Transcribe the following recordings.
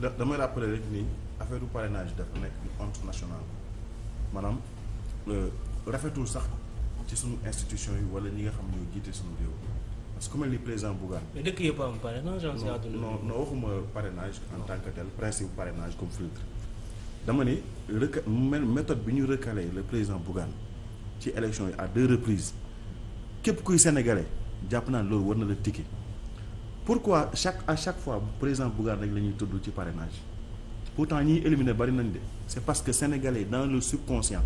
da damay rappeler rek ni affaire du parrainage dafa nekk une honte nationale maanaam euh, rafetul sax ci suñu institution yi wala ñi nga xam ñoo jiite suñu réew parce que ku mel ni président Bougane. mais dëkk yëpp am parrainage en non non waxuma parrainage en tant que tel principe parrainage comme filtre dama ni reca méthode bi ñu recalé le président Bougane ci élection yi à deux reprises képp kuy sénégalais jàpp naa loolu war na la ticket. pourquoi chaque à chaque fois président Bougane rek la ñuy tudd ci parrainage pourtant ñiy éliminer bari nañ de c' est parce que sénégalais dans le subconscient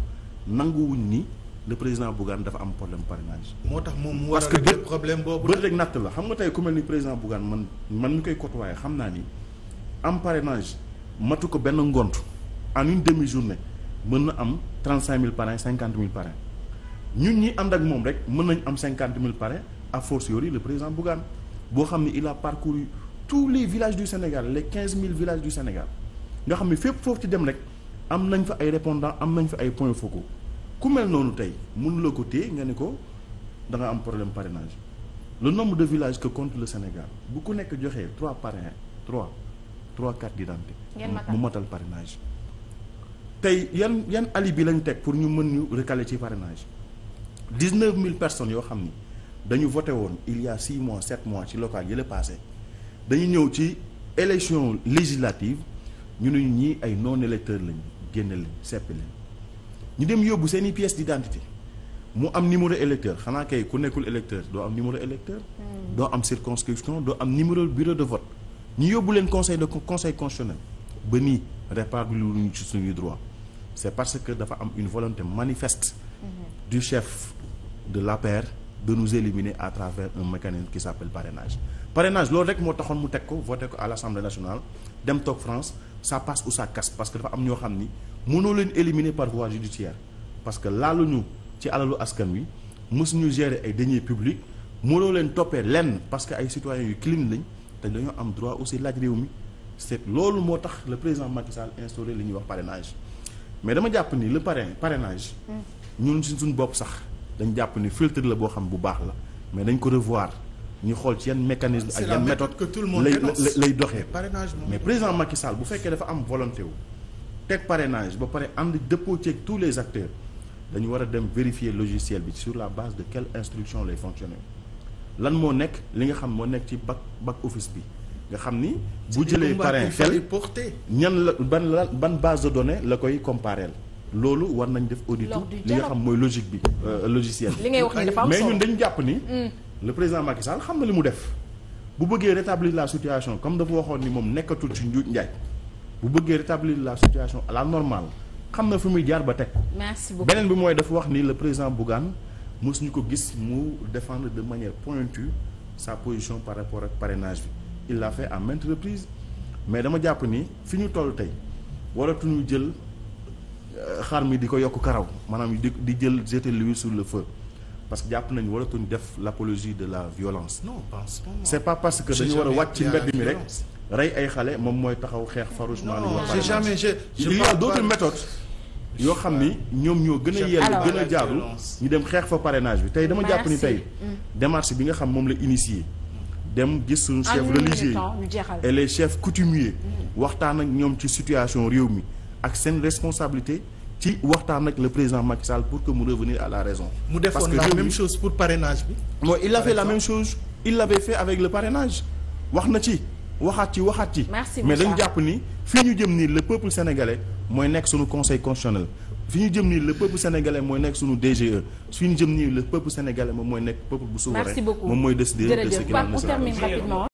nanguwuñ ni le président Bougane dafa am problème parrainage. moo tax moom mu war a régler problème boobu parce que bët rek natt la xam nga tey ku mel ni président Bougane man man mi koy côtoyé xam naa ni am parrainage matu ko benn ngont en une demi journée mën na am trente cinq mille parrains cinquante mille parrains ñun ñi ànd ak moom rek mën nañ am cinquante mille parrains a fortiori le président Bougane. boo xam ne il a parcouru tous les villages du Sénégal les quinze mille villages du Sénégal nga xam ne fépp foofu ci dem rek am nañ fa ay répondants am nañ fa ay points focaux ku mel noonu tey mënuloo ko téye nga ne ko da am problème parrainage le nombre de villages que compte le Sénégal bu ku nekk joxee trois parrains trois trois cartes d'identité mu matal parrainage tey yan yan alibi lañ teg pour ñu mën ñu recaler ci parrainage dix neuf mille personnes yoo xam ni dañu voté woon il y a six mois sept mois ci local yële passé dañu ñëw ci élection législative ñu ne ñii ay non électeurs lañu génne leen seppi leen ñu dem yóbbu seen i pièces d'identité mu am numéro électeur xanaa kay ku nekkul électeur doo am numéro électeur hmm. doo am circonscription doo am numéro bureau de vote ñu yóbbu leen conseil de conseil constitutionnel ba nii répartir lu ñu ci suñuy droit c'est parce que dafa am une volonté manifeste hmm. du chef de l'APR de nous éliminer à travers un mécanisme qui s'appelle parrainage parrainage loolu rek moo taxoon mu teg ko voté ko à l'Assemblée nationale dem toog France ça passe ou ça parce que dafa am ñoo xam ni mënoo leen éliminer par voie judiciaire parce que ñu ci alalu askan wi mësuñu gérer ay deniers publics mënoo leen toppee lenn parce que ay citoyens yu clean lañ te dañoo am droit aussi laaj réew mi seet loolu moo tax le président Macky Sall instauré li ñuy wax parrainage mais dama jàpp ni le parrain parrainage mm. ñun si suñu bopp sax dañu jàpp ni filtre la boo xam bu baax la mais dañ ko revoir ñu xool ci yan mécanisme ak yan méthode que tout le lay lay doxee mais président Macky Sall bu fekkee dafa am volonté wu teg parrainage ba pare ànd dëppoo ceeg tous les acteurs dañu war a dem vérifier logiciel bi sur la base de quelle instruction lay fonctionner lan moo nekk li nga xam moo nekk ci back back office bi nga xam ni bu jëlee parrain tel ñan la ban la ban base de données la koy compareel loolu war nañ def audit li nga xam mooy logique bi euh, logiciel li ngay wax ni dafa am mais ñun dañu jàpp ni hmm. le président Macky Sall xam na li mu def bu bëggee rétablir la situation comme dafa waxoon ni moom nekkatul ci njuuj njaaj bu bëggee rétablir la situation à la normale xam na fi muy jaar ba teg merci beaucoup beneen bi mooy dafa wax ni le président Bougane mos ñu ko gis mu defendre de manière pointue sa position par rapport ak parrainage bi il l'a fait à maintes reprises mais dama jàpp ni fi ñu toll tey waratuñu jël xar mi di ko yokk karaw maanaam di di jël jeter l'huile sur le feu parce que jàpp nañu waratuñ def l'apologie de la violence. non pense pas c'est pas parce que dañu war a wàcc ci mbedd mi rek. rey ay xale moom mooy taxaw xeex farouchement. non j'ai jamais je il y a yoo xam ni ñoom ñoo gën a yell gën a jaadu ñu dem xeex fa parrainage bi tey dama jàpp ni tey mm. démarche bi nga xam moom la initié dem gis suñu chefs religieux yi et les chefs coutumiers mm. waxtaan ak ñoom ci situation réew mi ak seen responsabilité ci waxtaan ak le président Macky Sall pour que mu revenir à la raison. mu defoon la même chose pour parrainage bi. moo il a fait la même chose il l'avait fait avec le parrainage wax na ci waxaat ci waxaat ci. mais dañu jàpp ni fii ñu jëm nii le peuple sénégalais mooy nekk sunu conseil constitutionnel. fi ñu jëm nii le peuple sénégalais mooy nekk sunu DGE fi ñu jëm nii le peuple sénégalais moom mooy nekk peuple bu souverain. moom mooy décider de